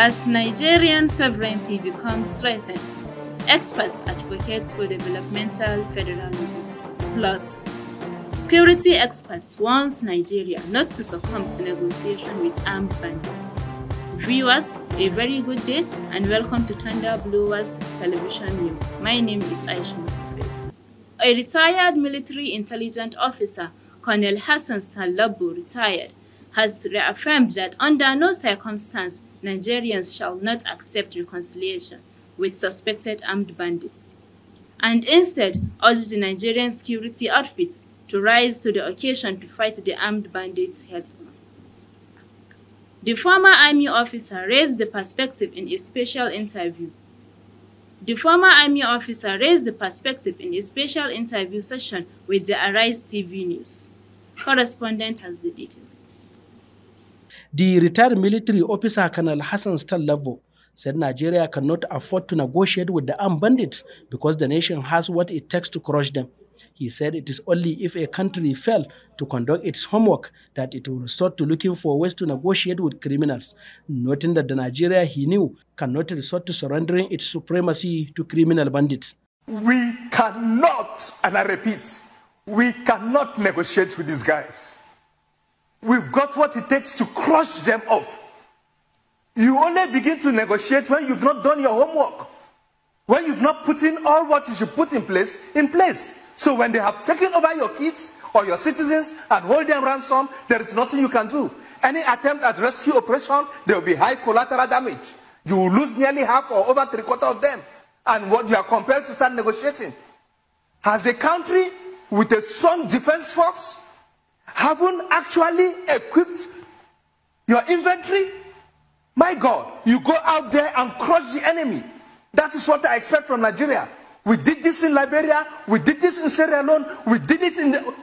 As Nigerian sovereignty becomes strengthened, experts advocate for developmental federalism. Plus, security experts warns Nigeria not to succumb to negotiation with armed bandits. Viewers, a very good day and welcome to Thunder Blowers Television News. My name is Aisha Mustafiz. A retired military intelligence officer, Colonel Hassan Labu retired, has reaffirmed that under no circumstance Nigerians shall not accept reconciliation with suspected armed bandits, and instead urged the Nigerian security outfits to rise to the occasion to fight the armed bandits' headsman. The former army officer raised the perspective in a special interview. The former army officer raised the perspective in a special interview session with the Arise TV News. Correspondent has the details. The retired military officer Colonel Hassan Stalavo said Nigeria cannot afford to negotiate with the armed bandits because the nation has what it takes to crush them. He said it is only if a country fail to conduct its homework that it will resort to looking for ways to negotiate with criminals, noting that the Nigeria he knew cannot resort to surrendering its supremacy to criminal bandits. We cannot, and I repeat, we cannot negotiate with these guys. We've got what it takes to crush them off. You only begin to negotiate when you've not done your homework, when you've not put in all what you should put in place, in place. So when they have taken over your kids or your citizens and hold them ransom, there is nothing you can do. Any attempt at rescue operation, there will be high collateral damage. You will lose nearly half or over three quarter of them. And what you are compelled to start negotiating. As a country with a strong defense force, haven't actually equipped your inventory, my God, you go out there and crush the enemy. That is what I expect from Nigeria. We did this in Liberia, we did this in Sierra Leone, we did it in the...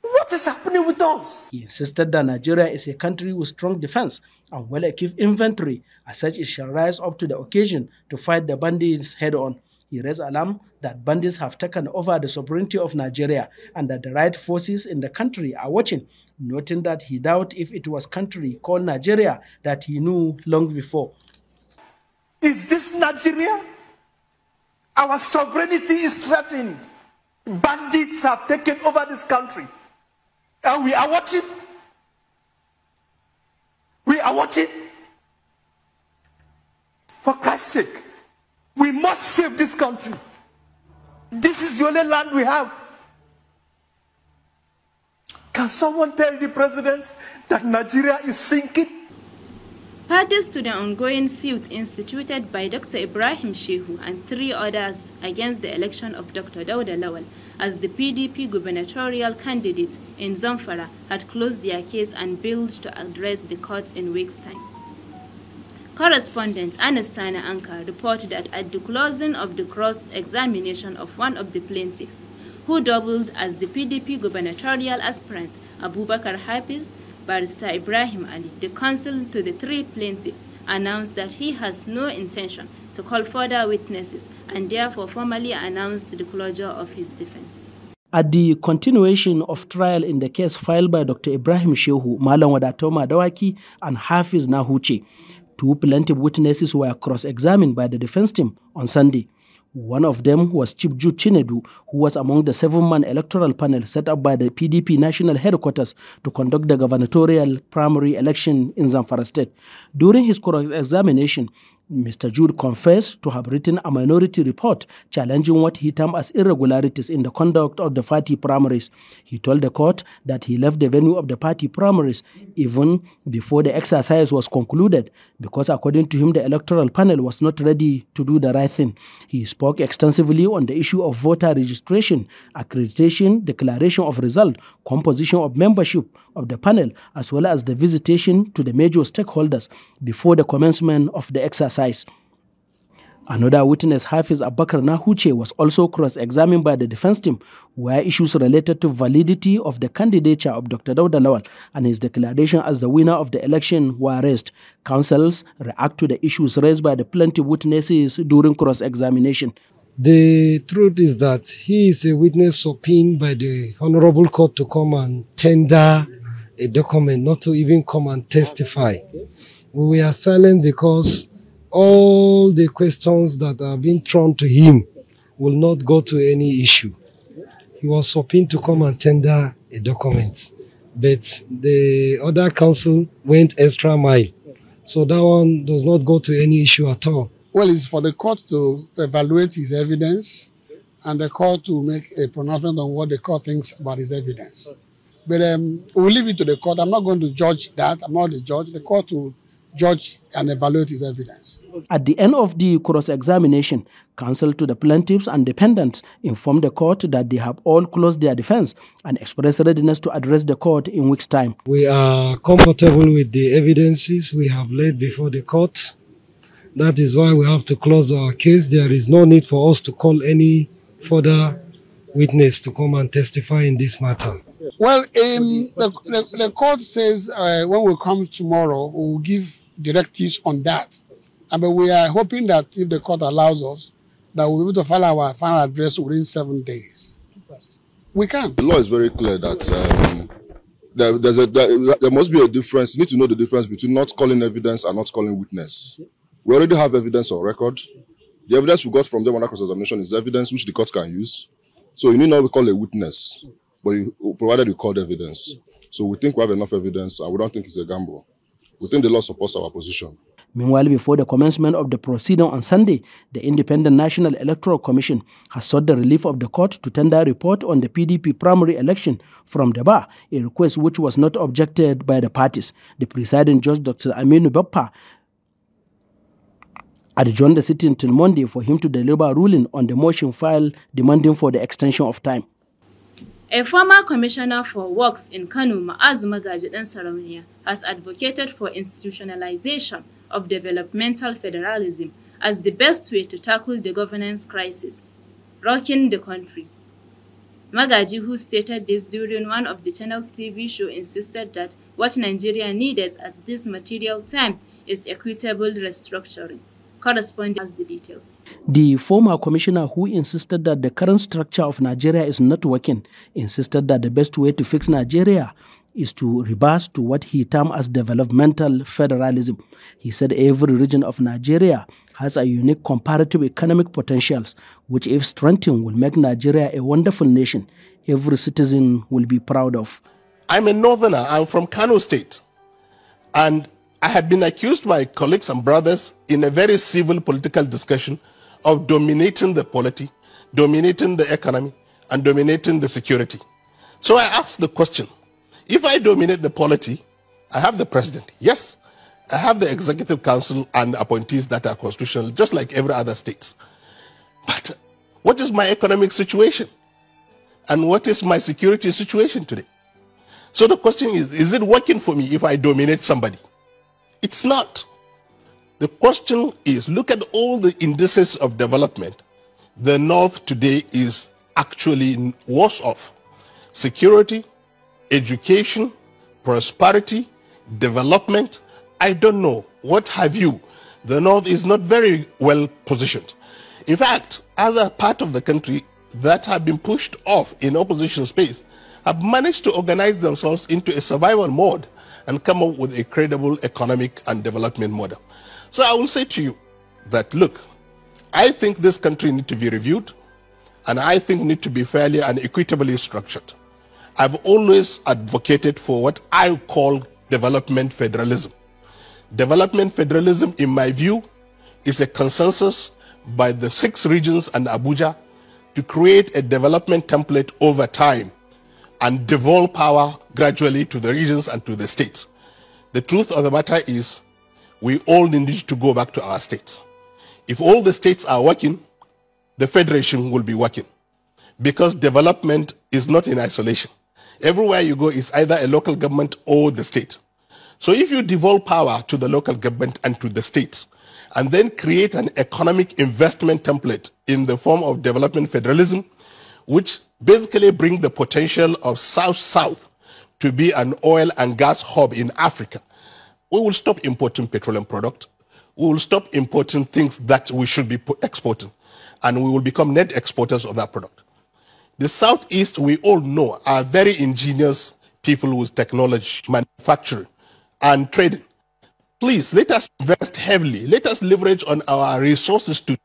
What is happening with us? He insisted that Nigeria is a country with strong defense and well-equipped inventory. As such, it shall rise up to the occasion to fight the bandits head-on. He raised alarm that bandits have taken over the sovereignty of Nigeria and that the right forces in the country are watching, noting that he doubted if it was country called Nigeria that he knew long before. Is this Nigeria? Our sovereignty is threatened. Bandits have taken over this country. And we are watching. We are watching. For Christ's sake. We must save this country. This is the only land we have. Can someone tell the president that Nigeria is sinking? Parties to the ongoing suit instituted by Dr. Ibrahim Shehu and three others against the election of Dr. Dauda Lawal as the PDP gubernatorial candidate in Zamfara had closed their case and billed to address the courts in weeks' time. Correspondent Anis Sani Anka reported that at the closing of the cross-examination of one of the plaintiffs, who doubled as the PDP gubernatorial aspirant Abubakar Hafiz, Barrister Ibrahim Ali, the counsel to the three plaintiffs, announced that he has no intention to call further witnesses and therefore formally announced the closure of his defense. At the continuation of trial in the case filed by Dr. Ibrahim Shehu, Malam Wadatoma Dawaki, and Hafiz Nahuchi, Two plaintiff witnesses were cross examined by the defense team on Sunday. One of them was Chief ju Chinedu, who was among the seven man electoral panel set up by the PDP national headquarters to conduct the gubernatorial primary election in Zamfara state. During his cross examination, Mr. Jude confessed to have written a minority report challenging what he termed as irregularities in the conduct of the party primaries. He told the court that he left the venue of the party primaries even before the exercise was concluded because, according to him, the electoral panel was not ready to do the right thing. He spoke extensively on the issue of voter registration, accreditation, declaration of result, composition of membership of the panel, as well as the visitation to the major stakeholders before the commencement of the exercise exercise. Another witness, Hafiz Abakar Nahuche, was also cross-examined by the defense team, where issues related to validity of the candidature of Dr. Dawda and his declaration as the winner of the election were raised. Counsels react to the issues raised by the plenty witnesses during cross-examination. The truth is that he is a witness subpoenaed by the Honorable Court to come and tender a document, not to even come and testify. We are silent because all the questions that are being thrown to him will not go to any issue. He was hoping to come and tender a document, but the other council went extra mile. So that one does not go to any issue at all. Well, it's for the court to evaluate his evidence and the court to make a pronouncement on what the court thinks about his evidence. But um, we'll leave it to the court. I'm not going to judge that. I'm not the judge. The court will judge and evaluate his evidence. At the end of the cross examination, counsel to the plaintiffs and defendants informed the court that they have all closed their defense and expressed readiness to address the court in weeks' time. We are comfortable with the evidences we have laid before the court. That is why we have to close our case. There is no need for us to call any further witness to come and testify in this matter. Well, um, the, the, the, court says uh, when we come tomorrow, we'll give directives on that. And, but we are hoping that if the court allows us, that we'll be able to file our final address within seven days. We can. The law is very clear that um, there, there's a, there, there must be a difference. You need to know the difference between not calling evidence and not calling witness. We already have evidence on record. The evidence we got from them under cross-examination is evidence which the court can use. So you need not call a witness. but you, provided you called evidence. So we think we have enough evidence and we don't think it's a gamble. We think the law supports our position. Meanwhile, before the commencement of the proceeding on Sunday, the Independent National Electoral Commission has sought the relief of the court to tender a report on the PDP primary election from the bar, a request which was not objected by the parties. The presiding judge, Dr. Aminu Bappa, adjourned the sitting till Monday for him to deliver a ruling on the motion filed demanding for the extension of time. A former commissioner for works in Kano, Ma'az Magaji Dan Sarauniya, has advocated for institutionalization of developmental federalism as the best way to tackle the governance crisis rocking the country. Magaji, who stated this during one of the channel's TV show, insisted that what Nigeria needed at this material time is equitable restructuring corresponding as the details. The former commissioner who insisted that the current structure of Nigeria is not working insisted that the best way to fix Nigeria is to reverse to what he termed as developmental federalism. He said every region of Nigeria has a unique comparative economic potentials, which if strengthened will make Nigeria a wonderful nation every citizen will be proud of. I'm a northerner, I'm from Kano State. And I have been accused by colleagues and brothers in a very civil political discussion of dominating the polity, dominating the economy, and dominating the security. So I asked the question, if I dominate the polity, I have the president. Yes, I have the executive council and appointees that are constitutional, just like every other state. But what is my economic situation? And what is my security situation today? So the question is, is it working for me if I dominate somebody? It's not. The question is look at all the indices of development. The North today is actually worse off. Security, education, prosperity, development. I don't know. What have you? The North is not very well positioned. In fact, other part of the country that have been pushed off in opposition space have managed to organize themselves into a survival mode and come up with a credible economic and development model. So I will say to you that, look, I think this country needs to be reviewed and I think need to be fairly and equitably structured. I've always advocated for what I call development federalism. Development federalism, in my view, is a consensus by the six regions and Abuja to create a development template over time and devolve power gradually to the regions and to the states. The truth of the matter is we all need to go back to our states. If all the states are working, the federation will be working because development is not in isolation. Everywhere you go it's either a local government or the state. So if you devolve power to the local government and to the states, and then create an economic investment template in the form of development federalism, which basically bring the potential of South-South to be an oil and gas hub in Africa. We will stop importing petroleum products. We will stop importing things that we should be exporting. And we will become net exporters of that product. The Southeast, we all know, are very ingenious people with technology, manufacturing, and trading. Please, let us invest heavily. Let us leverage on our resources to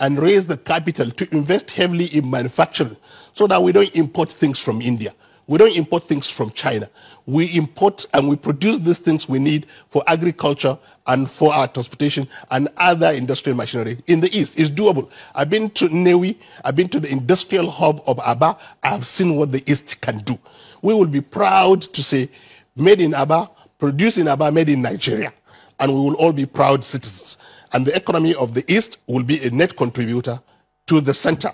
and raise the capital to invest heavily in manufacturing so that we don't import things from India. We don't import things from China. We import and we produce these things we need for agriculture and for our transportation and other industrial machinery in the East. It's doable. I've been to Newi, I've been to the industrial hub of Aba. I've seen what the East can do. We will be proud to say, made in Aba, produced in Aba, made in Nigeria. And we will all be proud citizens and the economy of the East will be a net contributor to the center.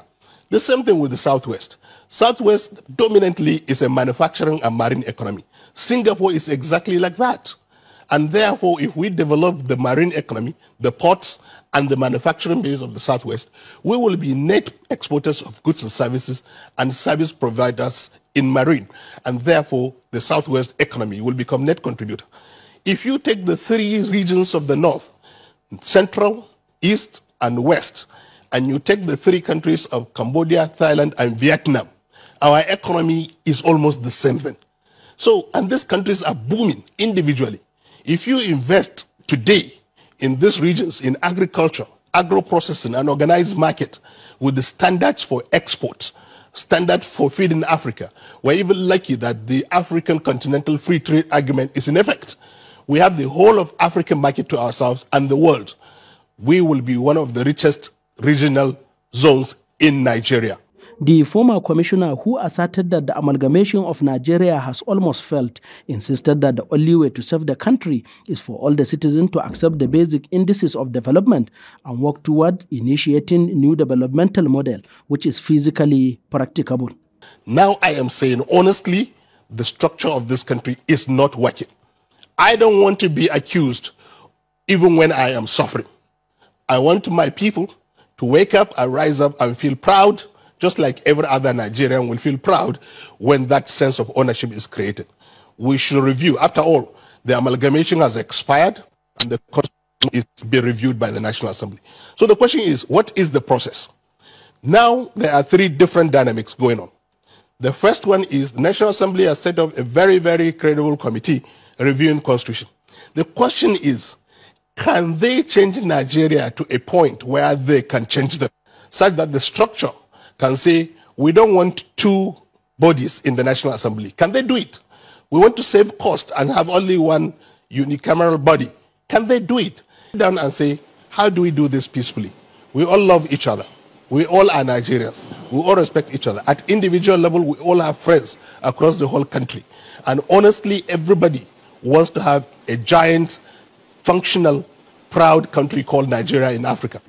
The same thing with the Southwest. Southwest dominantly is a manufacturing and marine economy. Singapore is exactly like that. And therefore, if we develop the marine economy, the ports, and the manufacturing base of the Southwest, we will be net exporters of goods and services and service providers in marine. And therefore, the Southwest economy will become net contributor. If you take the three regions of the North, Central, East, and West, and you take the three countries of Cambodia, Thailand, and Vietnam, our economy is almost the same thing. So, and these countries are booming individually. If you invest today in these regions, in agriculture, agro-processing, and organized market, with the standards for export, standards for feeding Africa. We're even lucky that the African Continental Free Trade Agreement is in effect we have the whole of African market to ourselves and the world. We will be one of the richest regional zones in Nigeria. The former commissioner who asserted that the amalgamation of Nigeria has almost failed insisted that the only way to save the country is for all the citizens to accept the basic indices of development and work toward initiating new developmental model which is physically practicable. Now I am saying honestly, the structure of this country is not working. I don't want to be accused even when I am suffering. I want my people to wake up and rise up and feel proud, just like every other Nigerian will feel proud when that sense of ownership is created. We should review. After all, the amalgamation has expired and the constitution is to be reviewed by the National Assembly. So the question is, what is the process? Now, there are three different dynamics going on. The first one is the National Assembly has set up a very, very credible committee reviewing constitution. The question is, can they change Nigeria to a point where they can change them such that the structure can say, we don't want two bodies in the National Assembly. Can they do it? We want to save cost and have only one unicameral body. Can they do it? Down and say, how do we do this peacefully? We all love each other. We all are Nigerians. We all respect each other. At individual level, we all have friends across the whole country. And honestly, everybody wants to have a giant, functional, proud country called Nigeria in Africa.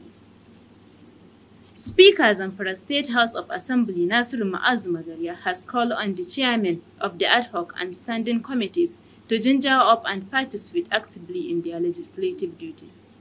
Speaker Zamfara State House of Assembly Nasiru Ma'az Magaria has called on the chairman of the ad hoc and standing committees to ginger up and participate actively in their legislative duties.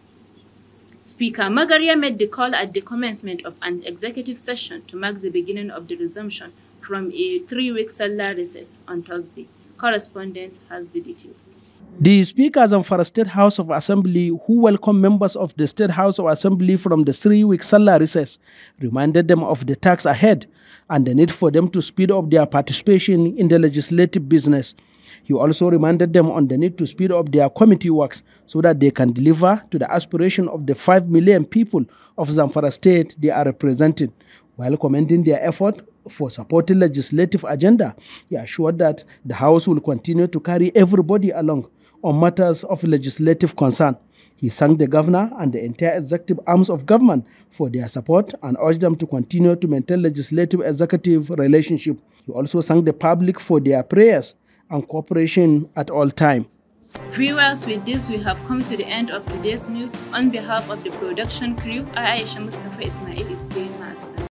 Speaker Magaria made the call at the commencement of an executive session to mark the beginning of the resumption from a three-week salary recess on Thursday correspondent has the details. The speakers of Zamfara State House of Assembly, who welcomed members of the State House of Assembly from the three week salary recess, reminded them of the tax ahead and the need for them to speed up their participation in the legislative business. He also reminded them on the need to speed up their committee works so that they can deliver to the aspiration of the 5 million people of Zamfara State they are representing. While commending their effort, for supporting legislative agenda. He assured that the House will continue to carry everybody along on matters of legislative concern. He thanked the governor and the entire executive arms of government for their support and urged them to continue to maintain legislative executive relationship. He also thanked the public for their prayers and cooperation at all time. Viewers, with this we have come to the end of today's news. On behalf of the production crew, I Aisha Mustafa Ismail is saying